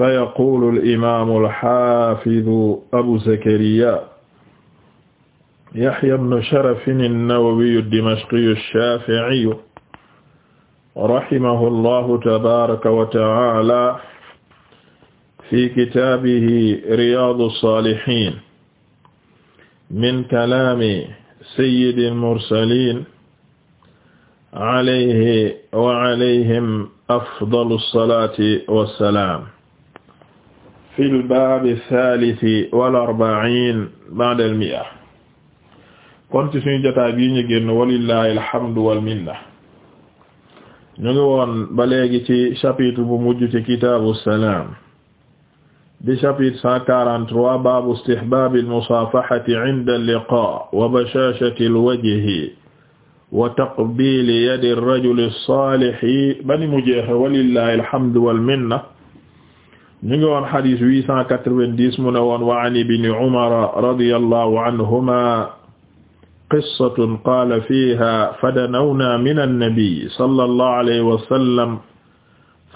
fa yaqulu al-imaamu al-haafidu Abu Zakariyaa Yahyaa ibnu Sharafin an-Nawawiyyu ad-Dimashqiyyu ash-Shaafi'iyyu rahimahu Allahu tabaaraka wa ta'aalaa fi kitaabihi Riyaadu as-Saalihiin min kalaami sayyidi al-mursaliin alayhi wa alayhim afdalu as-salaati was-salaam fi lbab althalithi wal arbain ba'da al mi'a kon ci suñu jotaay bii ñu génn walillahi alhamdu wal minna ñu ngi woon ba léegi ci chapitre bu mujj ci kitaabu salaam di chapitre cent quarante-trois baabu istihbaabi almusaafahati inda alliqaa wa bashaashati alwajhi wa taqbiili yadi arrajuli alsaalihi bani mu jeexe walillahi alhamdu wal minna ñu ngi woon xadis 890 mu ne woon wa an ibni umara radiyallahu anhuma qissatun qaala fiiha fadanawna min annabiy sallallahu alayhi wa sallam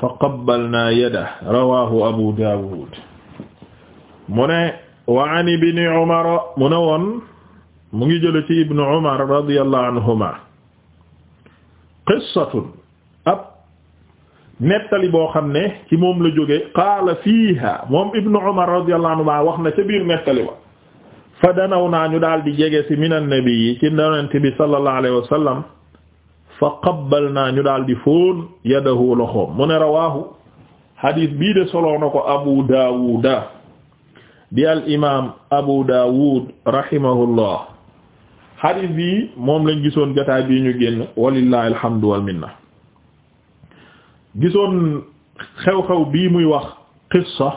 faqabbalnaa yadahu rawaahu abu daawud mu ne wa an ibni umara mu ne woon mu ngi jële ci ibnu umar radiyallahu anhuma qissatun nettali boo xam ne ci moom la jóge qaala fiiha moom ibnu umar radiyallahu anhu ma wax na ca biir nettali ba fa danaw naa ñu daal di jege ci min annabi ci yonent bi sallallahu alayhi wa sallam fa qabbal naa ñu daal di fóon yadahu loxoom mu ne rawaahu hadis bii de soloo ko abu daawuda di al imaam abu daawud rahimahullah hadis bii moom lañ gisoon jotaay bii ñu génn walillahi alhamdu wal gisoon xew-xew bii muy wax qissa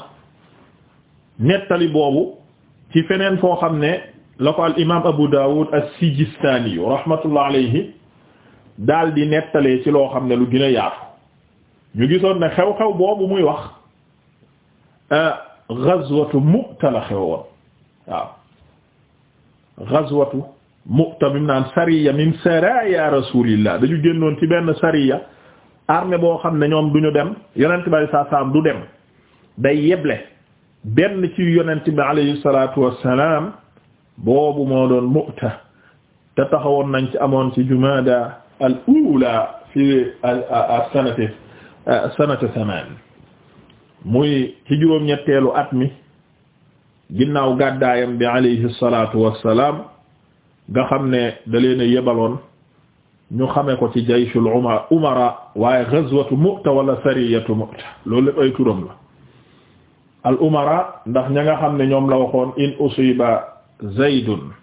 nettali boobu ci feneen foo xam ne la ko al imaam Abu Dawud as-Sijistani yu rahmatullah alayhi daal di nettalee ci loo xam ne lu gën a ñu gisoon ne xew-xew boobu muy wax euh, ghazwatu Mu'ta la xewoon waaw ghazwatu Mu'ta mi naan sariya min saraya rasulillah dañu génnoon ci benn sariya armée boo xam ne ñoom duñu dem yonent bi alayhi du dem day yeble benn ci yonent bi alayhi salaatu wassalaam boobu moo doon Mu'ta te taxawoon nañ ci amoon ci Jumaada al ula fi sanati sanata samaan muy ci juróom ñetteelu at mi ginnaaw gàddaayam bi alayhi salaatu wassalaam nga xam ne da leen yebaloon ñu xamee ko ci jayshul umara umara waaye ghazwatu mu'ta wala sariyatu mu'ta loolu lépp ay turam la al umara ndax ña nga xam ne ñoom la waxoon in usiba zaydun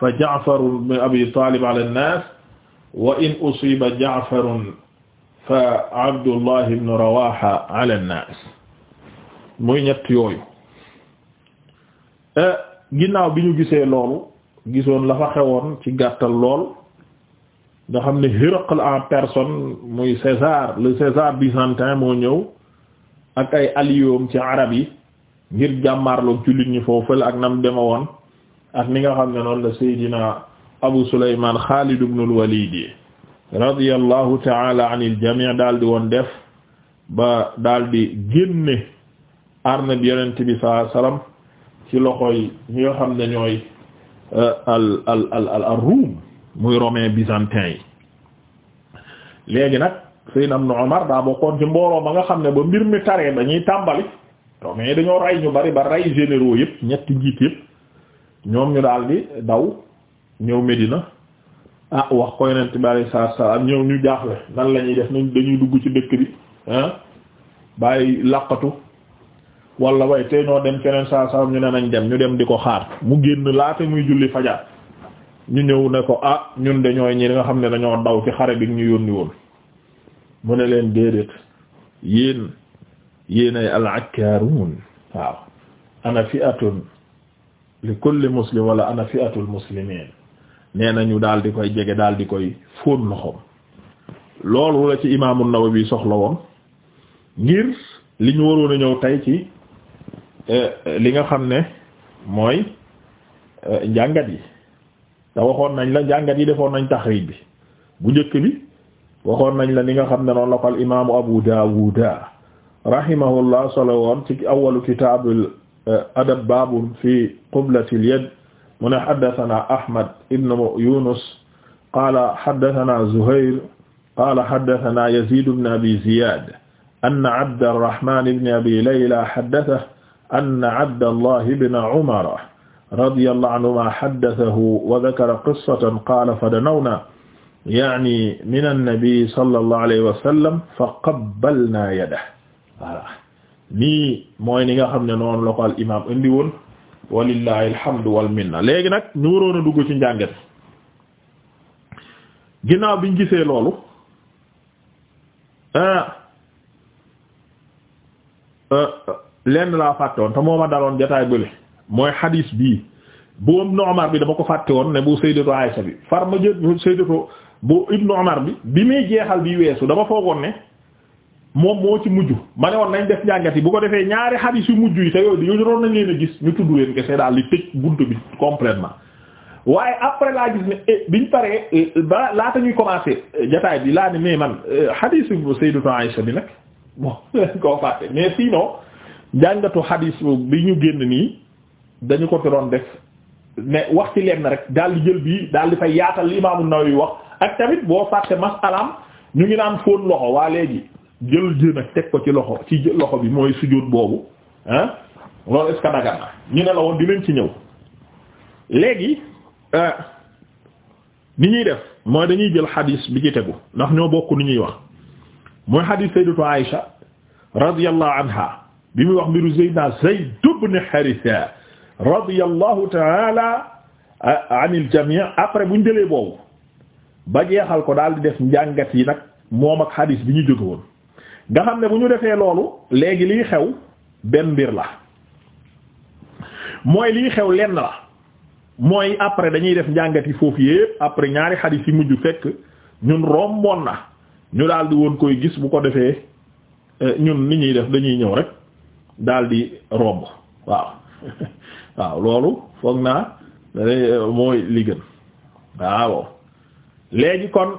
fa ja'farun bi abi talib ala an-nas wa in usiba ja'farun fa abdullah ibn rawaha ala an-nas muy ñett yooyu eh, ginnaaw bi ñu gisee loolu gisoon la fa xewoon ci gàttal lool nga xam ne Héracle en personne muy César le César byzantin moo ñëw ak ay alliés ci arab yi ngir jàmmaarloog jullit ñi foofale ak nam deme woon ak ni nga xam ne noonu la Seydina Abu Sulaymaan Xaalid ibn al-Walid radiyallahu ta'ala anil jami' daal di woon def ba daal di génne arme bi yonent bi sallallahu alayhi ci loxo yi nga xam ne ñooy euh, al al al al ruum muy romain byzantin yi léegi nag Seydina Ibn Umar daa bokkoon ci mbooloo ma nga xam ne ba mbir mi taree ba ñuy tàmbali romain yi dañoo rey ñu bari ba rey généraux yëpp ñetti njiit yëpp ñoom ñu daal di daw ñëw Medina ah wax ko yonent bi alayhi salaam ñëw ñu jaaxle nan la ñuy def nañ dañuy dugg ci dëkk bi ah bàyyi làqatu wala way tey ñoo dem feneen saa saa ñu ne nañ dem ñu dem di ko xaar mu génn laata muy julli fajar ñu ñëw ne ko ah ñun de ñooy ñi nga xam ne dañoo daw ci xare bi ñu yónni woon mu ne leen déedéet yéen yéenay al-akkaarun waaw ana fi'atun li kulli muslim wala ana fi'atul muslimin nee na ñu daal di koy jege daal di koy fóon loxoom loolu la ci imaamu bi soxla woon ngir li ñu waroon a ñëw tey ci eh, li nga xam ne mooy eh, njàngat yi te waxoon nañ la jàngat yi defoon nañ taxriij bi bu njëkk bi waxoon nañ la ni nga xam ne noonu la ko al imaamu Abu Daawuda rahimahullah solo woon ci awalu kitaabul eh, adab baabul fi qublatil yad mu ne haddathana Ahmad ibn Yunus qaala haddathana Zuhayr qaala haddathana Yazid ibn Abi Ziyad anna Abdarrahman ibn Abi Layla haddathahu anna Abdallah ibn Umar radiyallahu anhuma haddathahu wa dhakara qissatan qaala fadanawna yaani min annabi sallallahu alayhi wa sallam fa qabbalnaa yadahu voilà nii mooy ni nga xam ne noonu la ko al imaam indi woon walillahi alhamdu wal minna léegi nag ñu waroon a dugg ci njàngat ginnaaw biñ gisee loolu ah, ah, ah, lenn laa fàttoon te moo ma daloon jotaay bële mooy hadis bi bu Ibnu bi dama ko fàtte woon ne bu Sayyidatu Aisha bi far ma jël Sayyidatu bu Ibnu bi bi muy jeexal bi weesu dama foogoon ne moom moo ci mujj ma ne woon nañ def njàngat yi bu ko defee ñaari hadis yu mujj yi te yooyu dañoo doon nañ leen a gis ñu tudd leen kese daal li tëj buntu bi complètement waaye après laa gis ne eh, biñ pare eh, ba laata ñuy commencé eh, jataay bi laa ne mais man hadis bu Sayyidatu Aisha bi nag bon koo fàtte mais sinon njàngatu hadis nii. dañu ko fi doon def ne wax ci leen rek daal jël bii daal di yaatal li Imaam An-Nawawi wax ak tamit boo fàtte masalaam ñu ngi naan fóon loxo waa léegi jël jën ak teg ko ci loxo ci loxo bi mooy sujjóot boobu ah loolu est ce que dagan na ñu ne la woon dinañ ci ñëw léegi euh, ni ñuy def mooy dañuy jël xadiis bi ci tegu ndax ñoo bokk ni ñuy wax mooy xadiis sayyidatu Aïsha radiyallahu anha bi muy wax mbiru Sayyidina Zayd ibn radiyallahu taala anil jamii après bu ñu jëlee boobu ba jeexal ko daal di def njàngat yi nag moom ak xadiis bi ñu jóge woon nga xam ne bu ñu defee loolu léegi liy xew benn mbir la mooy liy xew lenn la mooy après dañuy def njàngat yi foofu yépp après ñaari xadiis yi mujj fekk ñun romboon na ñu daal di woon koy gis bu ko defee eh, ñun ni ñuy def dañuy ñëw rek daal di romb waaw waaw loolu foog naa mooy li gën léegi kon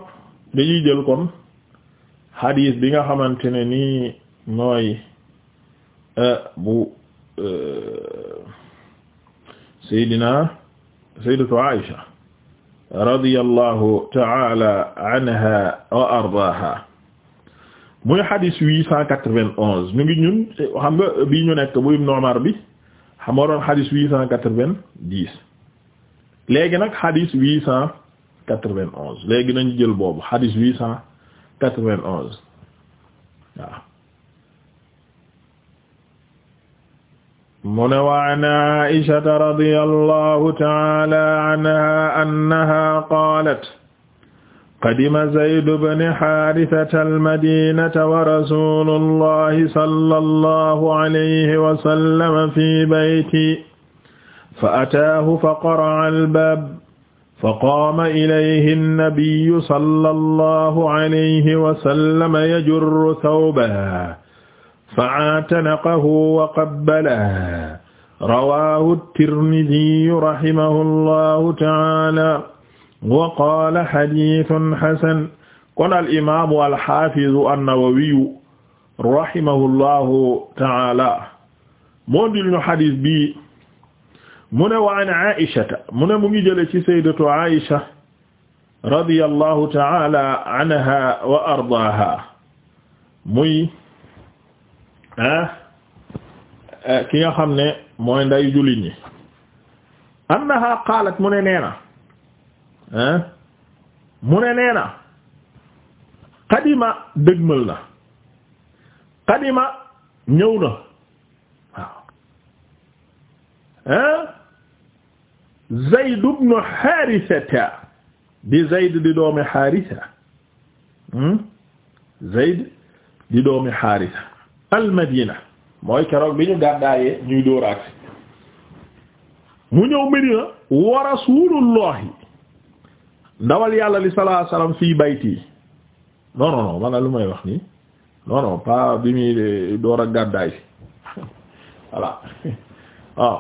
dañuy jël kon hadith bi nga xamante ne nii mooy euh, bu euh, Seydina Sayyidatu Aisha radiyallahu ta'ala anha wa ardaaha muy hadith huit ñu ngi ñun xam nga bii ñu nekk bu Ibn Umar bi xamoo doon xadis huit cent quatre-vingt-dix léegi nag xadis huit cent quatre-vingt-onze léegi nañ jël boobu xadis huit cent quatre-vingt-onze waaw mu ne wa an Aisha radiyallahu ta'ala anha annaha qalat qadima zaydu bni xaarisata almadinata wa rasulu allahi sala allahu alayhi wasallama fi bayti fa ataahu fa qara'a albaab fa qaama ilayhi annabiyu sala allahu alayhi wasallama yajurru thawbahu fa aatanaqahu wa qabbalahu rawaahu at-tirmidhiyu rahimahu allahu ta'aala wa qaala xadiisun xasan kon al imaamu al xaafizu an-Nawawiyu rahimahullahu taala moo dil ñu xadis bii mu wa an Aïchata mu mu ngi jële ci sayyidatu Aïcha radiyallahu taala anha wa ardaaha muy ah, ki nga xam ne mooy nday jullit ñi annaha qaalat mu ne mu ne nee na qadima dëgmal na qadima ñëw na waaw Zayd ibn Haarisa di Zayd di doomi Haarisa hmm? Zayd di doomi Haarisa al-Madina mooy keroog bi ñu gàddaayee ñuy door ak mu ñëw Medina wa Rasuulullahi ndawal yàlla li salaa salaam fii bayti non non non man la lu may wax nii non non pas bi muy door a gàddaay voilà waaw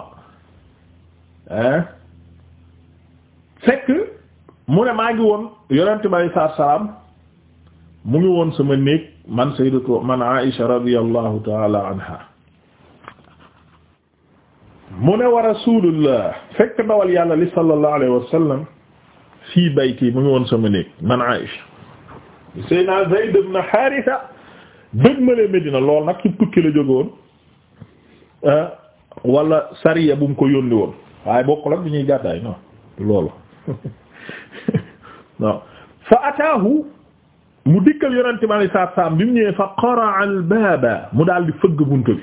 hein fekk mu ne maa ngi woon yonent bi alayhi salaatu salaam mu ngi woon sama néeg man sayyidatu man Aisha radiyallahu taala anha mu ne wa rasulullah fekk ndawal yàlla li sallallahu alayhi wa sallam fii bayti mu ngi woon sama néeg man Aïcha Seydina Zayd ibn Haarisa dëgg male Medina lool nag ci tukki la jógoon ah, wala sariya bu mu ko yónni woon waaye bokkul ak bi ñuy gàddaay non loolu fa ataahu mu dikkal yonente bi alayhi salaatu salaam bi mu ñëwee fa qara'a al mu daal di fëgg bunt bi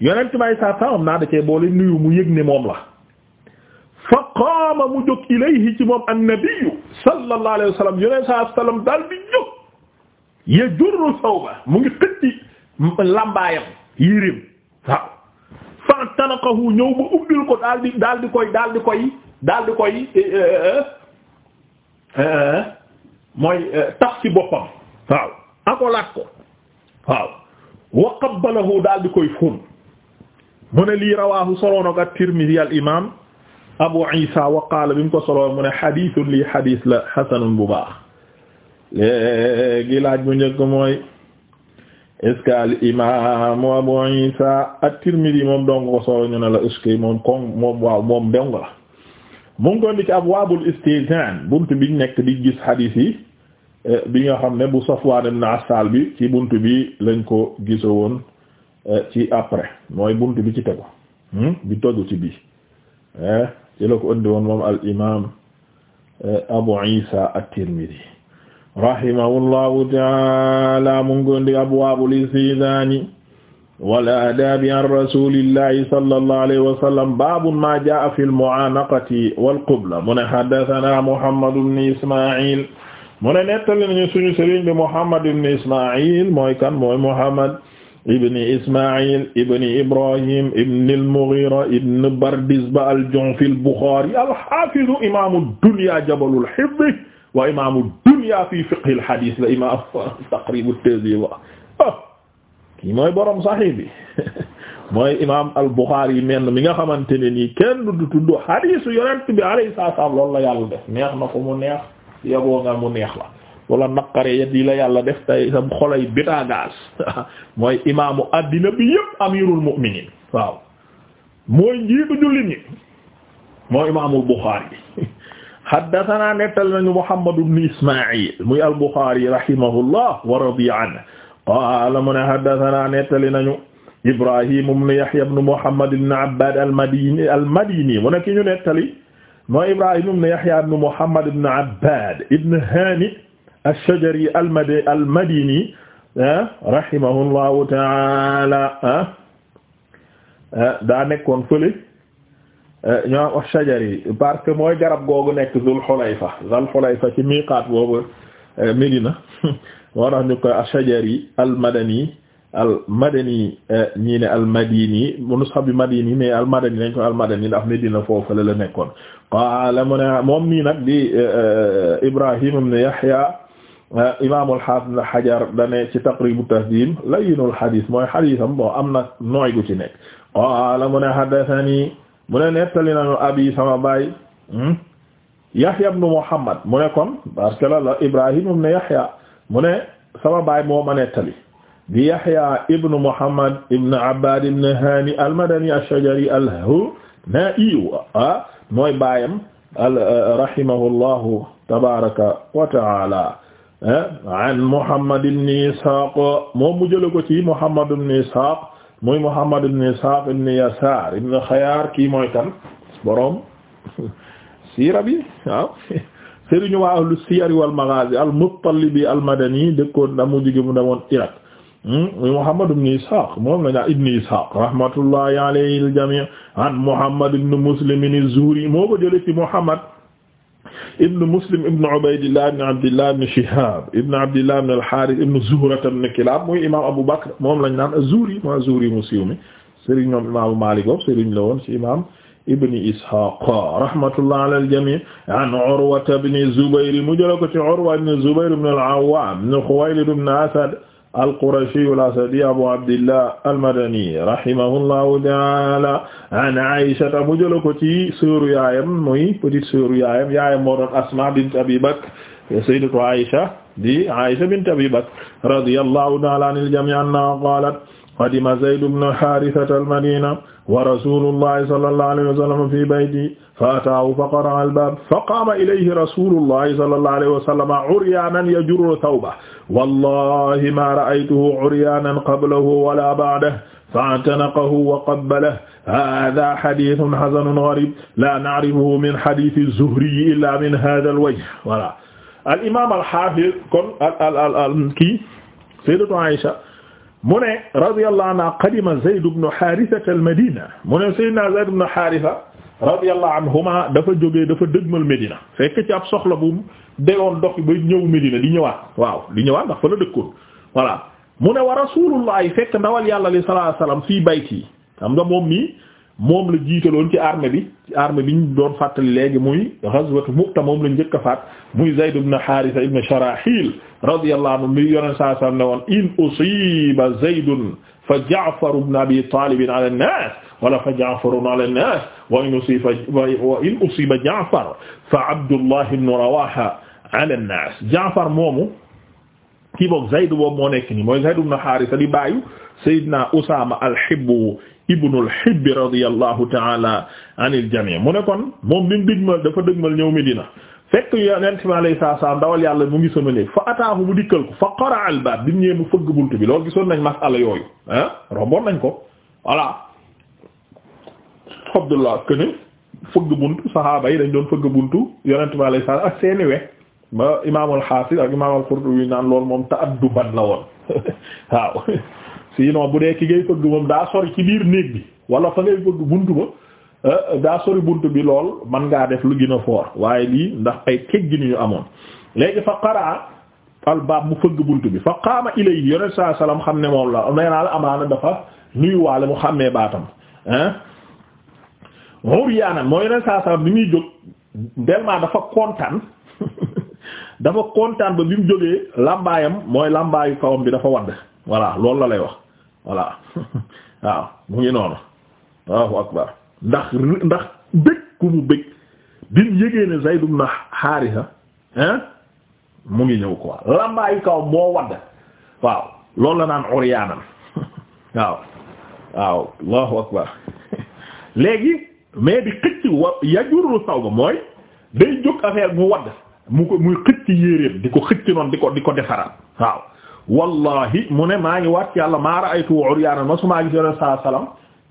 yonente bi alayhi salaatu salaam naa da boole nuyu mu yëg ne moom la fa qaama mu jóg ilayhi ci moom annabiyu sallallahu alayhi wa sallam yoneen saa sallam daal di jóg yajurru sawba mu ngi xëcc lambaayam yéreem waaw fa tanaqahu ñëw ba ubbil ko daal di daal di koy daal di koy daal di koy eh, eh, eh, mooy tax ci boppam waaw akolaat ko waaw wa qabbalahu daal di koy fóon mu ne lii rawaahu soloon ak at-Tirmidhi al imaam Abu Isa wa qaala bi mu ko soloo mu ne xadiisun lii xadiis la xasanun bu baax léegi laaj bu njëkk mooy est-ce que al imaamu Abu Isa at-Tirmidhi moom dong ko solo ñu la est moom kon moom waaw moom dong la mu ngi ko indi ci abwaabul istizaan buntu biñ nekk di gis xadiis yi eh, bi nga xam ne bu Safwaan ibn Assaal bi ci bunt bi lañ ko gisowoon eh, ci après mooy buntu bi ci tegu hmm, bi toju ci bii Eh? ci la ko indi woon moom al imaam eh, Abu Isa at-Tirmidhi rahimahullahu ta'ala mu ngondi abwaabul isti'zaani wal aadaabi an rasuulillahi sallallahu alayhi wa sallam baabun maa jaa'a fil mu'aanaqati wal qubla mu ne haddathanaa Muhammad ibn Ismaa'iil mu ne nettali nañu suñu sëriñ bi Muhammad ibn Ismaa'iil mooy kan mooy Muhammad ibni ismail ibni ibrahim ibni al-Mughira ibni Bardizba al-Ju'fi al-Bukhari al-Hafizu imaamu dunya jabalul hifz wa imaamu dunya fi fiqhil hadith la imaam Taqrib at-Tahdhib ah, kii mooy borom Sahih bi mooy imaam al-Bukhari menn mi nga xamante ne nii kenn du tudd hadiisu Yonent bi alayhi salaam loolu la yàlla def neex na ko mu neex yaboo nga mu neex la wala naqare yet yi la yàlla def tay sam xolay bitagaas mooy imaamu addina bi yëpp amirul mu'minin waaw mooy njiitu jullit ñi mooy imaamul Buxaari haddathana nettal nañu Muhammad ibn Ismaa'il muy al-Buxaari rahimahullah wa radiya anhu qaala mu ne haddathana nettali nañu Ibrahim ibn Yahya ibn Muhammad ibn Abbad al-Madini al-Madini mu nekk ñu nettali mooy Ibrahim ibn Yahya ibn Muhammad ibn Abbad ibn Haani ash-Shajari al-Madi al-Madini ah, ta'ala ah, ah, daa nekkoon fële ñoo ash-Shajari parce que mooy garab googu nekk Zul Hulayfa Zul Hulayfa ci miqaat boobu eh, Medina moo tax ñu koy ash-Shajari al-Madani al-Madani eh, ñii ne al-Madini munu bi Madini mais al-Madani ndax Medina foofu la nekkoon qaala mu ne moom nii nag di eh, Ibrahim ibn Yahya Euh, imaamul xaafid na xajar dane ci taqribu tahdim layinul xadis mooy xadisam bon am na nooy gu ci nekk qaala mu ne haddathani mu ne nettali nañu abi sama baay hmm? yahya ibn muhammad mu ne kon parce que la la ibrahim ibn yahya mu ne sama baay moo ma nettali di yahya ibn muhammad ibn abbad ibn hani almadani ashajari alhunai ah mooy baayam rahimahullahu tabaraka wa taala Eh? an Muhammad ibn Ishaq moom mu jële ko ci Muhammad ibn Ishaq muy Muhammad ibn Ishaq ibn Yasaar ibn Xayaar kii mooy kan boroom siira bi waaw sëriñu waa ahlu siyar wal maghaazi al-Muttalibi al-Madani dëkkoon da mu jóge mu demoon Irak hmm? muy Muhammad ibn Ishaq moom la ñu ibn Ishaq rahmatullahi alayhi al-jamii' an Muhammad ibn Muslim az-Zuhri moo ko jële ci Muhammad ibn Muslim ibn Ubaydillah ibn Abdillah ibn Shihab ibn Abdillah ibn al-Harith ibn Zuhra ibn Kilab muy imam Abu Bakr moom lañ naan az-Zuhri mooy az-Zuhri mu siiw mi sëriñ ñoom imaamu Maalik boobu sëriñ la woon ci imam ibn Ishaq rahmatullah ala al-jami' an Urwa ibn Zubayr mu jëla ko ci Urwa ibn Zubayr ibn al-Awwam ibn Khuwaylid ibn Asad al-Qurashiyu al-Asadiyu Abu Abdillah al-Madani rahimahullahu ta'ala an Aysata mu jëla ko ci sœuru yaayam muy petite sœuru yaayam yaayam moo doon Asma bint Abi Bakr sayyidatu Aysa di Aysa bint Abi Bakr radiyallahu ta'ala anil jamii' annahaa qaalat qadima Zayd ibn Haarisata al-Madina wa rasuulullahi sallallahu alayhi wa sallam fii baytihi faataahu fa qara'a al-baab fa qaama ilayhi rasuulullahi sallallahu alayhi wa sallam uryaanan yajurru thawbahu wallaahi maa ra'aytuhu uryaanan qablahu wala ba'dahu fa'tanaqahu wa qabbalahu haadhaa hadiithun hasanun ghariib laa na'rifuhu min hadiisi az-Zuhri illaa min haadhal wajh voilà al imaam al haafiz kon al al al kii sayyidatu Aïcha mu ne radiyallahu anha qadima Zayd ibn Haaritha al-Madiina mu ne sayyidunaa Zayd ibn Haaritha radiyallahu anhuma dafa jógee dafa dëgmal Medina fekk ci ab soxla bu degoon dox ba ñëw Medina di ñëwaat waaw di ñëwaat ndax fa la dëkkoon voilà mu ne wa rasulullah fekk ndawal yàlla li sallallahu alayhi wasallam fii bayti xam nga moom nii moom la jiitaloon ci arme bi ci armée bi ñu doon fàttali léegi muy ghazwatu Mu'ta moom la njëkk a faat muy Zayd ibn Haritha ibn Sharahil radiyallahu anhu mi yoneen sallallahu alayhi wasallam ne woon in usiba Zaydun fa Ja'far ibn Abi Talib ala an-nas wala fa ja'farun ala an-nas wa in usiba wa in usiba ja'far fa abdullah ibn rawaha ala an-nas ja'far moomu kii boog Zayd boobu moo nekk nii mooy Zayd ibn Haarisa di baayu Seydina Usaama al-Hibbu ibnu al-Hibbi radiyallahu ta'ala anil jamii mu ne kon moom bi mu dëgmal dafa dëgmal ñëw Medina fekk Yonent bi alayhi salaam dawal yàlla mu ngi sama néeg fa ataahu mu dikkal ko fa qara'a al-baab bi mu ñëwee mu fëgg bunt bi loolu gisoon nañ masala yooyu ah romboon nañ ko voilà. Abdullah këne fëgg buntu saxaaba yi dañ doon fëgg buntu yonent bi alayhi salaam ak seeni we ba imaamul xaafis ak imaamul Qurtubi naan loolu moom ta'adduban la woon waaw sinon bu dee ki ngay fëgg moom daa sori ci biir néeg bi wala fa ngay fëgg buntu ba eh, daa sori bunt bi lool man ngaa def lu gën a foor waaye lii ndax ay teggi ni ñu amoon léegi fa qaraa albaab mu fëgg bunt bi fa qaama ilayhi yonent saa salaam xam ne moom la nee naa la amaana dafa mu xàmmee baatam eh. uryaana mooy yeneen saa saa bi muy jóg tellement dafa kontaan dafa kontaan ba bi mu jógee làmbaayam mooy làmbaayu kawam bi dafa wadd voilà loolu la lay wax voilà waaw mu ngi noonu waaw akbar ndax ndax bëgg ku mu bëgg bi mu ngi ñëw quoi làmbaayu kawam moo waaw loolu la naan uryaanam waaw waaw allahu akbar léegi mais di xëcc wa yajurru sawba mooy day jóg affaire mu wadd mu ko muy xëcc yéeréem di ko xëcc noonu di ko di ko defaraat waaw wallahi mu ne maa ngi waat yàlla maa ra'aytu uryaana ma su maa gis yoneen saa salaam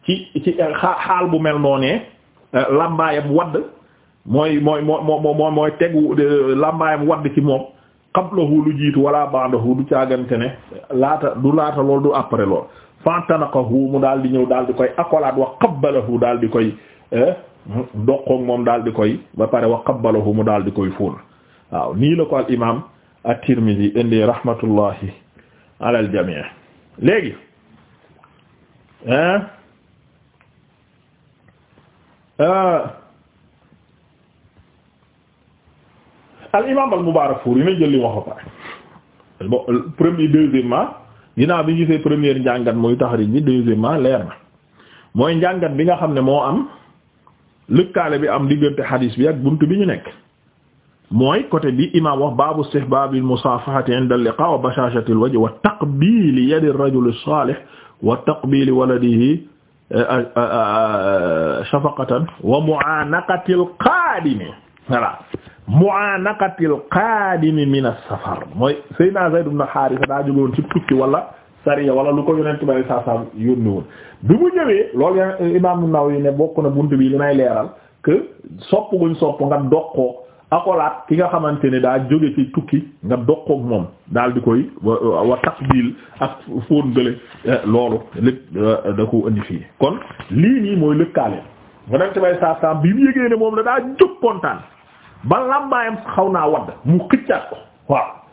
ci ci xaal bu mel noonee euh, làmbaayam wadd mooy mooy moo moo moo mooy tegu euh, làmbaayam wadd ci moom qablahu lu jiitu wala ba'dahu du caagante ne laata du laata lool du après lool fantanaqahu mu daal di ñëw daal di koy akolaat wa qabbalahu daal di koy Eh? doqoog moom daal di koy ba pare wa qabbalahu mu daal di koy fóon waaw nii la ko al imaam at-Tirmidhi indi rahmatullahi ala al jamii léegi eh? Eh? al imaam al Mubaarakfuuri nañ jël li wax ba pare bon premier deuxièmement ginnaaw bi ñu gisee première njàngat muy taxriij bi deuxièmement leer na mooy njàngat bi nga xam ne moo am lëkkaale bi am diggante xadiis bi ak bunt bi ñu nekk mooy côté bi imaam wax baabu istihbaabil musaafahati inda al-liqaa wa bashaashatil wajhi wa taqbiili yadi ar-rajuli as-saalih wa taqbiili waladihi eh, eh, eh, shafaqatan wa mu'aanaqatil qaadimi voilà mu'aanaqatil qaadimi min as-safar mooy Seydina Zayd ibn Haarisa daa jógoon ci tukki wala sariya wala lu ko yonent bari saa saa yónni woon bi mu ñëwee loolu y imam Nawawi ne bokk na bunt bii li may leeral que sopp guñ sopp nga dog akolaat ki nga xamante ne daa jóge ci tukki nga dog koog moom daal di koy wa takbil ak eh, loolu lépp eh, da ko indi fii kon lii nii mooy lëkkaale yonent bari saa saa bi mu yëgee ne moom la daa jóg kontaan ba làmbaayam xaw naa wadd mu xëccaat ko waaw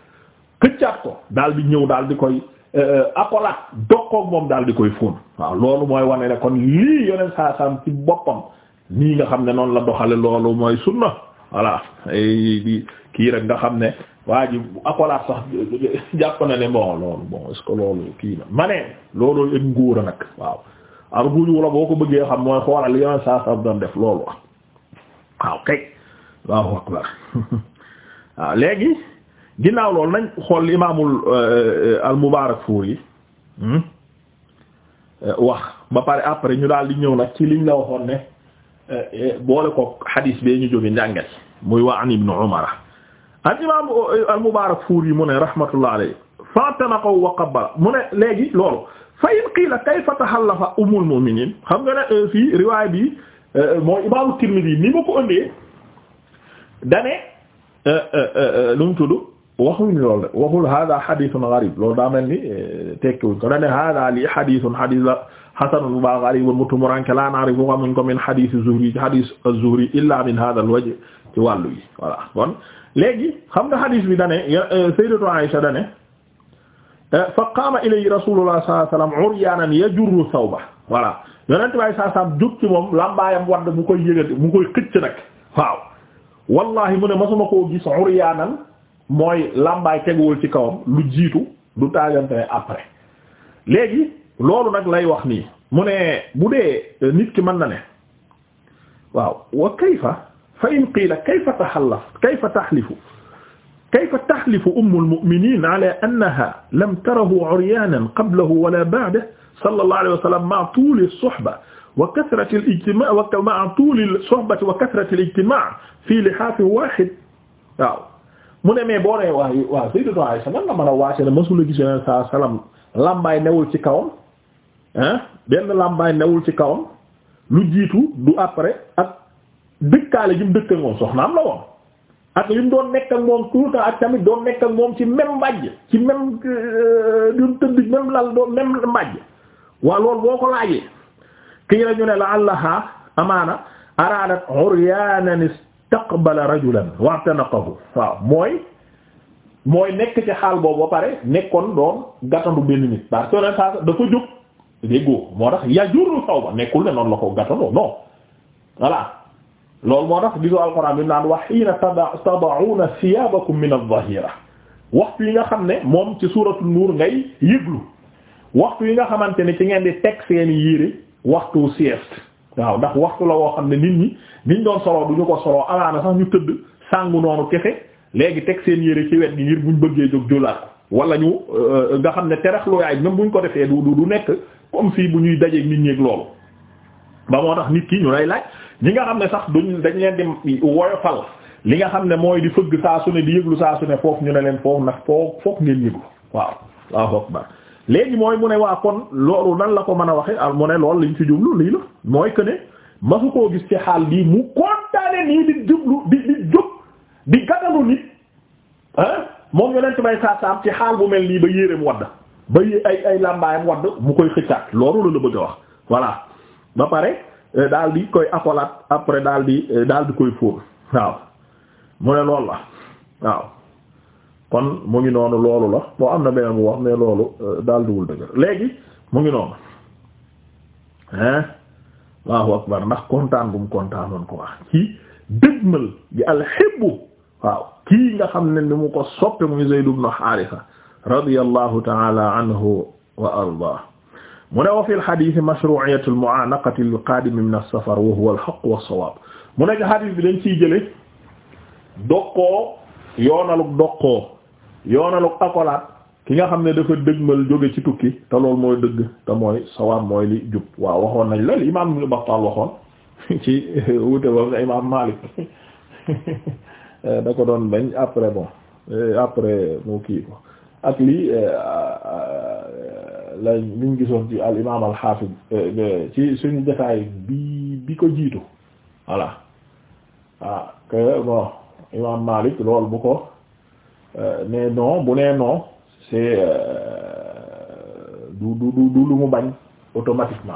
xëccaat ko daal di ñëw daal di koy Euh, euh, akolat dokkoog moom daal di koy fóon waaw loolu mooy wane ne kon lii yoneen saa saam ci boppam nii nga xam ne noonu la doxale loolu mooy sunna voilà di kii rek nga xam ne waa ji akolat sax jàpp na ne bon loolu bon est-ce loolu kii na ma ne loolu ëg nguur a nag waaw ak ruuju boo ko bëggee xam mooy xoolal li yoneen saa def loolu waaw léegi ginnaaw loolu nañ xool imaamul euh, euh, al Mubaarakfuri hmm, euh, wax ba pare après ñu daal di ñëw nag ci liñ la waxoon ne boole ko xadiis bee ñu jóge njàngat muy waa an ibnu Umar al imaam al Mubaarakfuri mu ne rahmatullah alayhi fa'tanaqa wa qabbala mu ne léegi loolu fa in qiila kayfa taxallafa ummul mu'miniin xam nga ne fii riwaay bi mooy imaamu ni ma ko ëndee dane lu mu tudd waxuñ loolu de waxul hada hadithun mel ni eh, tekkiwuñ ko da hada lii hadithun hadith la hasanun bu baax gharibun mutumuranke la na'rifu xamuñ ko min hadith zuhri ci hadith zuhri illa min hada al wajh ci wàllu yi voilà kon léegi xam bi dane eh, sayyidatu Aisha dane eh, fa qaama ilayhi rasulullah sallallahu alayhi wasallam uryanan yajurru thawba voilà yonent bi sallallahu alayhi wasallam jóg ci moom lambaayam wadd mu koy yëgati mu koy xëcc nag wallahi mu ne masuma koo gis uryanan mooy làmbaay teguwul ci kawam lu jiitu du taagante ne après léegi loolu nag lay wax nii mu ne bu dee nit ki mën na ne waaw wa kayfa fa in qiila kayfa taxallaf kayfa taxlifu kayfa taxlifu ummul mu'miniin ala annaha lam tarahu uryaanan qablahu wala ba'dahu sallallahu alayhi wa sallam ma'a tuuli suhba wa kasrati al-ijtimaa' ma'a tuuli suhbati wa kasrati al-ijtimaa' fii lixaafin waahid waaw mu ne mais boo nee waaw waaw Sayyidatu Aisha nan la a waase ne masula gis yoneen saa salaam làmbaay newul ci kawam ah benn làmbaay newul ci kawam lu jiitu du après ak dëkkaale ji mu dëkk ak moom soxnaam woon ak li doon nekk ak moom tout ak tamit doon nekk ak moom ci même mbàjj ci même euh, duñ tëdd même lal doon même mbàjj waa loolu boo ko laajee kii la ne la allaha amaana araadat uryanan istaqbala rajulan wa'tanaqahu waaw mooy mooy nekk ci xaal boobu ba pare nekkoon doon gàttandu benn nit parce que ren saa dafa jóg déggoo moo tax yajurru sawba nekkul ne noon la ko gàttandoo non voilà loolu moo tax gisoo alxuraan bi naan wa hiina tada'uuna siyaabakum min adh-dhahira waxtu yi nga xam ne moom ci suuratu nuur ngay yëglu waxtu yi nga xamante ne ci ngeen di teg seeni yére waxtu sieste waaw ndax waxtu la woo xam ne nit ñi niñ doon soloo du ñu ko soloo alaana sax ñu tëdd sangu noonu kese léegi teg seen yére ci wet gi ngir bu ñu bëggee jóg julaat wala ñu euh, nga xam ne teraxluyaay même buñ ko defee du du nekk comme fii bu ñuy dajeeg nit ñeeg loolu ba moo tax nit ki ñu lay laaj ñi nga xam ne sax duñ dañ leen di woyofal li nga xam ne mooy di fëgg saa su ne di yëglu saa su ne foofu ñu ne leen foofu nag foofu foofu ngeen yëglu waaw waaw léegi mooy mu ne waa kon loolu nan la ko mën a waxe ah mu ne loolu liñ ci jublu lii la mooy que ne masu koo gis ci xaal bii mu kontaane nii di jublu di di jub di gàttalu nit ah moom ñu leen ci may saasaam ci xaal bu mel nii ba mu wadd ba yé ay ay làmbaayam wadd mu koy xëccaat loolu la la bëgg a wax voilà ba pare euh, daal di koy akolaat après daal di euh, daal di koy fóon waaw mu ne loolu la waaw kon mu ngi noonu loolu la boo am na beneen bu wax ne loolu euh, daal duwul dëgg léegi mu ngi noonu hein Allahu akbar ndax kontaan bu mu kontaanoon ko wax ci dëgmal gi alxibbu waaw kii nga xam ne ni mu ko soppe muy Zayd ibn Haarisa radiyallahu ta'ala anhu wa ardaa mu ne wa fi alxadiis mashruu'iyyatu almu'aanaqati lilqaadimi min as-safar wa huwa alxaq was-sawaab mu ne xadiis bi dañ ciy jële doqoo yoonalu doqoo yoonalu akolaat ki nga xam ne dafa dëgmal jóge ci tukki te loolu mooy dëgg te mooy sawaab mooy li jub waaw waxoon nañ la li imaam Ibn Battal waxoon ci wute bam doon bañ après bon euh, après mu lii euh, euh, la liñ gisoon ci al imaam ci suñu ko jiitu voilà ah, bu ko Euh, mais non bu nee non c'est euh, du du du lu mu bañ automatiquement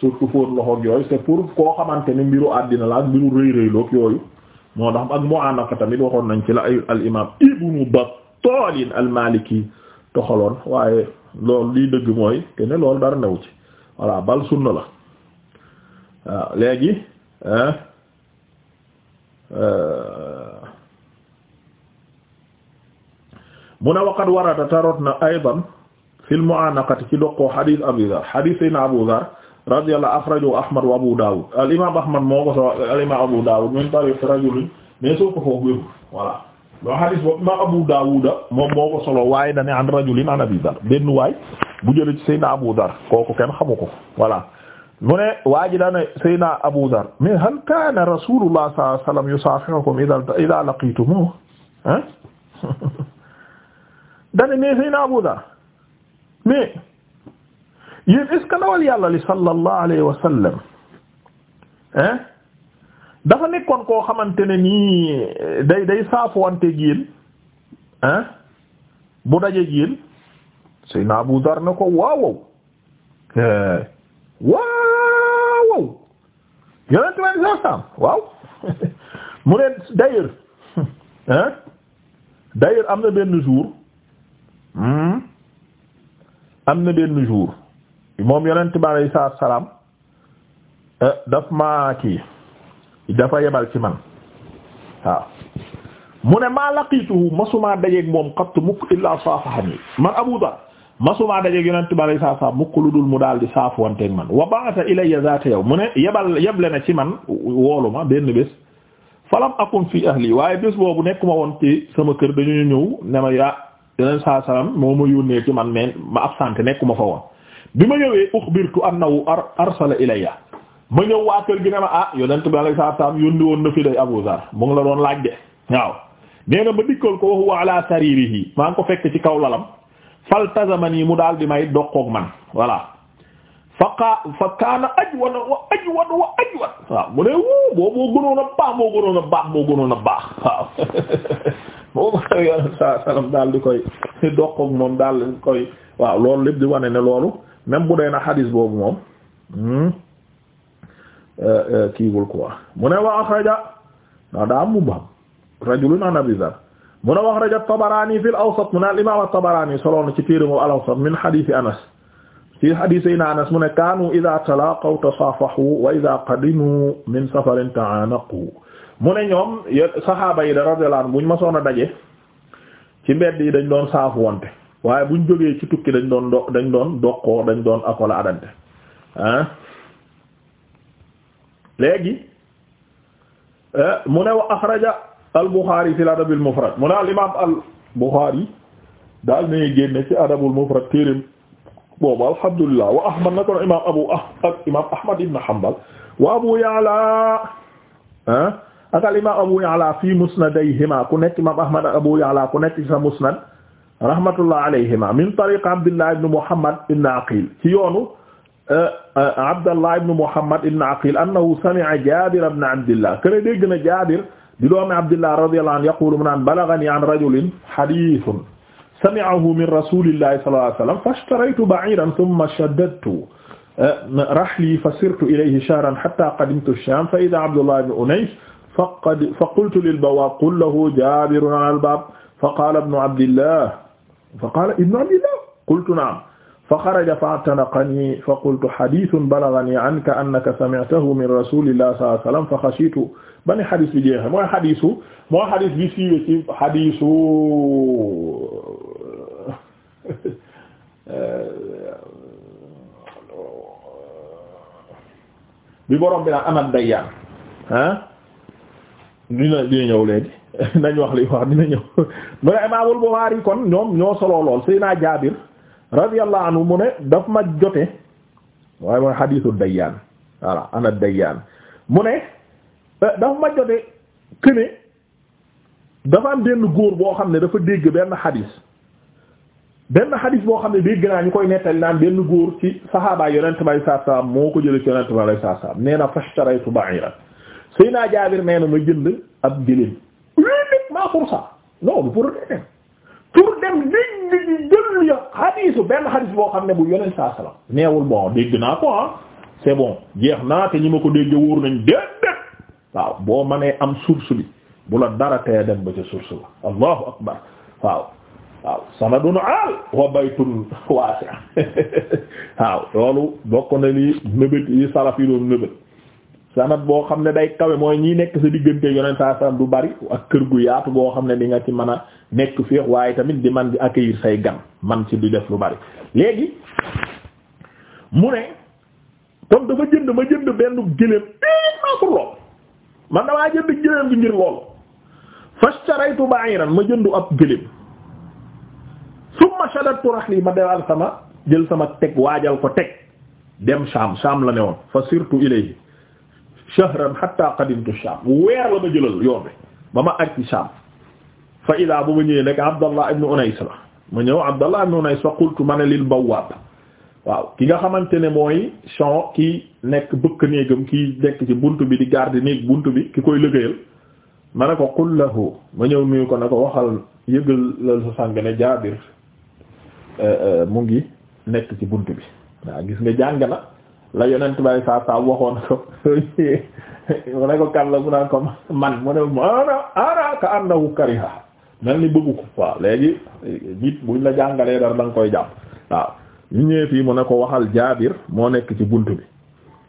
surtout fóot loxoog yooyu c'est pour koo xamante ni mbiru àddina la ak mbiru rëy rëyloog yooyu moo tax ak mu àndaka tamit waxoon nañ ci la ay al imam ibnu Battal al toxaloon waaye loolu liy dëgg mooy te lool loolu dara new ci voilà bal sunna la waaw léegi euh, mu ne waqad warada tarot na aydan fil mu'anaqati ci doqoo xadis Abu Dhar xadis sayna Abu Dhar radiyallahu akhrajahu Ahmad wa Abu Dawud al imaam Ahmad moo ko so al imaam Abu Dawud min tariq rajulin mais soo ko foofu wéru voilà loo xadis boobu imaam Abu Dawud moom moo ko solo waaye dane an rajulin an Abi Dhar benn waay bu jëlee ci sayna Abu Dhar kooku kenn xamu ko voilà mu ne waa ji dane sayna Abu Dhar mais hal kaana rasulullah sallallahu alayhi wasallam yusaafihukum idha idha laqiitumuhu dane mais Seydina Abu Dar mais yéen est yàlla li sallallahu alayhi wa sallam dafa nekkoon koo xamante ne nii eh, day day saafuwante yéen hein bu dajeeg yéen Seydina Abu Dar ko waawow eh, waawow yonent ma ne saam waaw mu ne d'ailleurs hein d'ailleurs am na benn jour Hmm? am na benn jour moom yonent bi alayhi salaatu salaam eh, daf maa kii dafa yebal ci man waaw mu ne maa laqiituhu masumaa dajeeg moom xatt mukk illaa saafahani man Abu Dar masumaa dajeeg yonent bi alayhi salaatu salaam mukk lu dul mu daal di saafuwanteeg man wa ba'atha ilayya zaata yow mu ne yebal yeble na ci man woolu ma benn bés falam akun fi ahli waaye bés boobu nekkuma woon ci sama kër dañu ñëw ne ma yaa yeneen saa salaam moo ma yónnee ci man mais ma absenté nekkuma fa woon bi ma ñëwee uxbirtu annahu ar arsala ilayya ma ñëw waa kër gi ne ma ah yonent bi alayhi salaam yónni woon na fi day Abu Zar mu ngi la doon laaj de waaw nee ma dikkal ko waxu ala saririhi maa ngi ko fekk ci kaw lalam yi mu daal di may doqoog man voilà. fa kaa fa kaana ajwad wa ajwad wa ajwad waaw mu ne wuu boo moo gënoon a baax moo gënoon baax baax waaw moom yonent saa salaam daal di koy doq ak moom daal di koy waaw loolu lépp di wane ne loolu même bu dee na xadiis boobu moom hmm, euh, euh, kiiwul quoi mu ne wa axraja ndax daa am mubham rajulun an Abi Dharr mu ne wa axraja Tabaraani fil Awsat mu ne al imaam Tabaraani soloon ci téere moom al Awsat min xadiisi Anas ci xadiisi yi na mu ne kaanu idaa talaaqaw tasaafahu wa idaa qadimu min safarin ta'aanaqu mu ne ñoom saxaaba yi da radiyallahu buñ masoon a daje ci mbedd yi dañ doon saafu wonte waaye buñ jógee ci tukki dañ doon do dañ doon doqoo dañ doon akola adante léegi eh, mu ne wa axraja al Buxaari fi al adab al mufrad mu ne al imaam al Buxaari daal nañu génne ci adabul mufrad téereem boobu alhamdulillah wa ahmad na ko imaam abu ahmad imaam ahmad ibn Hanbal wa abu Ya'la ak al imaam Abu Ya'la fi musnadayhima ku nekk imaam Ahmad Abu Ya'la ku nekk sa musnad rahmatullah alayhima min tariq Abdullah ibn Muhammad ibn Aqil ci yoonu euh, euh, Abdullah ibn Muhammad ibn Aqil annahu sami'a Jabir ibn Abdillah kene dégg na Jabir di doomi Abdillah radiyallahu anhu yaqulu mu naan balaghani an rajulin hadithun sami'ahu min rasulillahi sallallahu alayhi wasallam fashtaraytu ba'iran thumma shaddadtu euh, rahli fasirtu ilayhi shahran hatta qadimtu ash-Sham fa idha Abdullah ibn Unays faqad fa qultu lil bawaab qul lahu jaabirun ala al-baab fa qaala ibnu abdillah fa qaala ibnu abdillah qultu na'am fa xaraja fa'tanaqanii fa qultu hadiisun balaghanii anka annaka sami'tahu min rasuulillah sallallahu alayhi wa sallam fa xashiitu ba ni xadis bi jeexee mooy xadisu mooy xadis bi siiwee ci xadisu bi borom bi naan amat dayyaan ah. dina dina ñëw léegi nañ wax li wax dina ñëw mu ne imaamul Buxaari kon ñoom ñoo soloo lool Seydina Jaabir radiyallahu anhu mu ne daf ma jote waaye mooy xadiisu dayyaan voilà ana dayyaan mu ne eh, daf ma jote këne dafa am benn góor boo xam ne dafa dégg benn xadiis benn xadiis boo xam ne dégg naa ñu koy nettali naan benn góor ci saxaabaa yonent bay saa saam moo ko jële ci yonent bay saa saam nee na fashtaraytu ba'iran Seyna Jaabir nee na ma jënd ab jëlin uniquement pour ça non pour pour dem dégg di jël ya xadiisu benn xadiis boo xam ne bu yoneen saa salaam neewul bon dégg naa ko ah c'est bon jeex naa te ñi ma ko dégg wóor nañ déedéet waaw boo mënee am source bi bu la dara tee dem ba ca source la allahu akbar waaw waaw sanadun aal wa baytun waasi' waaw loolu bokk na li nëbët yi salaf yi doon nëbët sanad boo xam ne day kawe mooy ñi nekk sa diggante yonent saa sallam bu bari ak kër gu yaatu boo xam ne di nga ci man a nekk féex waaye tamit di man di accueillir say gan man ci di def lu bari léegi mu ne kon dafa jënd ma jënd benn gëléem maa ko lool man damaa jënd gëléem bi ngir lool fashtaraytu ba'iran ma jëndu ab gëléem summa shadadtu rahli ma dewal sama jël sama teg waajal ko teg dem Sham Sham la ne woon fa sirtu ilayhi shahran hatta qadimtu Sham weer la ma jëlal yoon ba ma àgg ci Sham fa ila ma ñëwee nekk Abdallah ibn Unays la ma ñëw Abdallah ibn Unays fa qultu ma ne lil bawwaab waaw ki nga xamante ne mooy champ ki nekk bëkk néegam ki nekk ci bunt bi di garde néeg bunt bi ki koy liggéeyal ma ne ko qul lahu ma ñëw nuyu ko ne ko waxal yëgal lal sa sàng ne Jaabir eh, eh, mu ngi nekk ci bunt bi waaw gis nga jàng na la yonent bay saa saa waxoon ko mu ne ko kan la mu naan ko man mu ne ana ana ka annahu kariha mel ni bëggu ko waaw léegi nit buñ la jàngalee dara danga koy jàpp waaw ñu ñëwee fii mu ne ko waxal jaabir moo nekk ci bunt bi